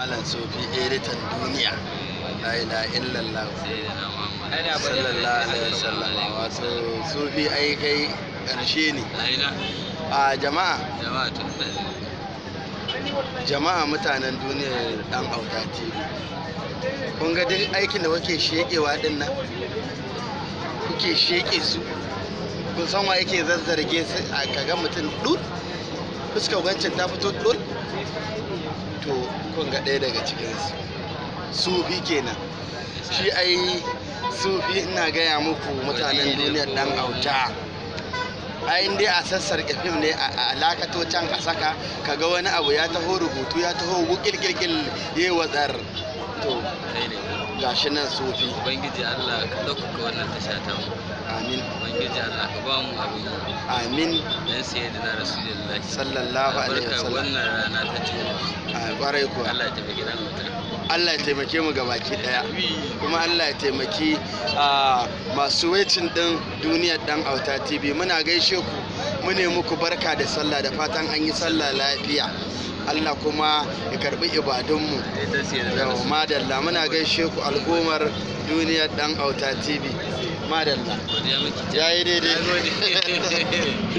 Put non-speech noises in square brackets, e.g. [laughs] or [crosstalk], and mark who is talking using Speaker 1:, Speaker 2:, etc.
Speaker 1: malam sofi editan duniya la ilaha illallah sallallahu alaihi wasallam wato sofi ai kai karshe ne a jama'a jama'a mutanen duniya dan auta tv kun ga duk aikin da kuke shekewa din nan kuke sheke su kun san wa yake zazzarge su a kaga mutum duk fuskar wancan ta fito ɗol to kun ga ɗaya daga cikinsu sufi kenan shi ai sufi ina gaya muku mutanen duniyar dan auta ayin dai a sassar fim ne a alakato can a saka kaga wani abu ya taho rubutu ya taho wukil kilkil yi watsar to gashi nan sufi ubangiji Allah ka ɗaukaka wannan tasha ta mu amin ubangiji Allah ka ba mu abin amin dan sai da rasulullahi sallallahu alaihi wasallam wannan rana ta ce a ah, ƙwarai ku Allah ya tafi gidan mutum Allah ya taimake mu ga baki daya kuma Allah ya taimaki ah, masu wecin din duniyar dan auta TV muna gaishe ku mu ne muku barka da sallah da fatan an yi sallah lafiya Allah kuma ya karbi ibadunmu yau madalla muna gaishe ku al'ummar duniya dan auta tv madalla ya yi daidai [laughs]